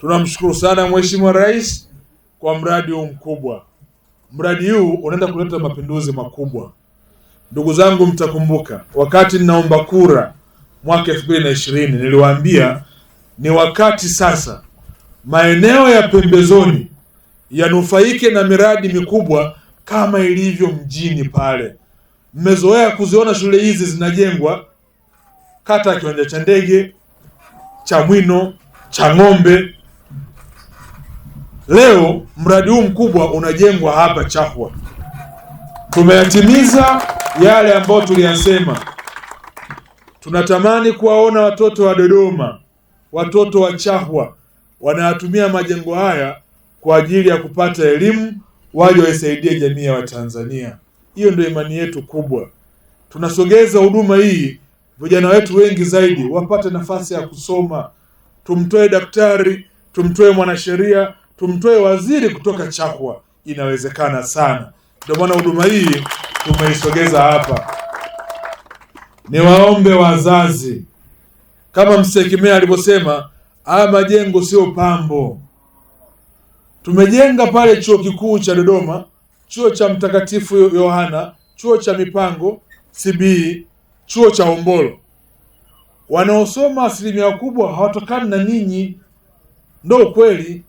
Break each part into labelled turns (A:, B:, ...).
A: Tunamshukuru sana Mheshimiwa Rais kwa mradi huu mkubwa. Mradi huu unaenda kuleta mapinduzi makubwa. Ndugu zangu, mtakumbuka wakati ninaomba kura mwaka 2020 niliwaambia ni wakati sasa maeneo ya pembezoni yanufaike na miradi mikubwa kama ilivyo mjini pale. Mmezoea kuziona shule hizi zinajengwa kata ya kiwanja cha ndege cha Mwino cha Ng'ombe Leo mradi huu mkubwa unajengwa hapa Chahwa. Tumeyatimiza yale ambayo tuliyasema. Tunatamani kuwaona watoto wa Dodoma, watoto wa Chahwa wanayatumia majengo haya kwa ajili ya kupata elimu, waje waisaidie jamii ya Watanzania. Hiyo ndio imani yetu kubwa. Tunasogeza huduma hii, vijana wetu wengi zaidi wapate nafasi ya kusoma. Tumtoe daktari, tumtoe mwanasheria tumtoe waziri kutoka Chakwa, inawezekana sana. Ndio maana huduma hii tumeisogeza hapa. Niwaombe wazazi, kama Msekimea alivyosema, haya majengo sio pambo. Tumejenga pale chuo kikuu cha Dodoma, chuo cha Mtakatifu Yohana, chuo cha mipango CB, e, chuo cha Hombolo. Wanaosoma asilimia kubwa hawatokani na ninyi, ndo ukweli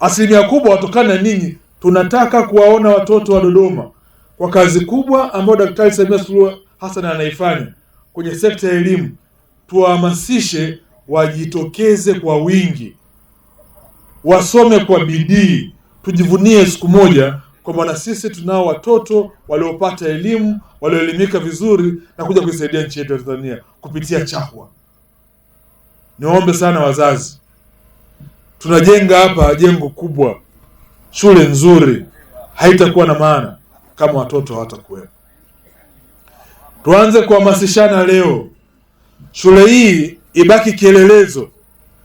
A: asilimia kubwa watokana na ninyi. Tunataka kuwaona watoto wa Dodoma kwa kazi kubwa ambayo Daktari Samia Suluhu Hassan anaifanya kwenye sekta ya elimu, tuwahamasishe wajitokeze kwa wingi, wasome kwa bidii, tujivunie siku moja kwamba na sisi tunao watoto waliopata elimu, walioelimika vizuri na kuja kuisaidia nchi yetu ya Tanzania kupitia Chahwa. Niwaombe sana wazazi tunajenga hapa jengo kubwa, shule nzuri, haitakuwa na maana kama watoto hawatakuwepo. Tuanze kuhamasishana leo, shule hii ibaki kielelezo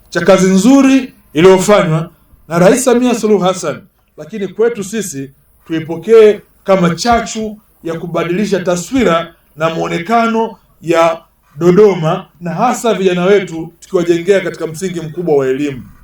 A: cha kazi nzuri iliyofanywa na Rais Samia Suluhu Hassan, lakini kwetu sisi tuipokee kama chachu ya kubadilisha taswira na muonekano ya Dodoma na hasa vijana wetu, tukiwajengea katika msingi mkubwa wa elimu.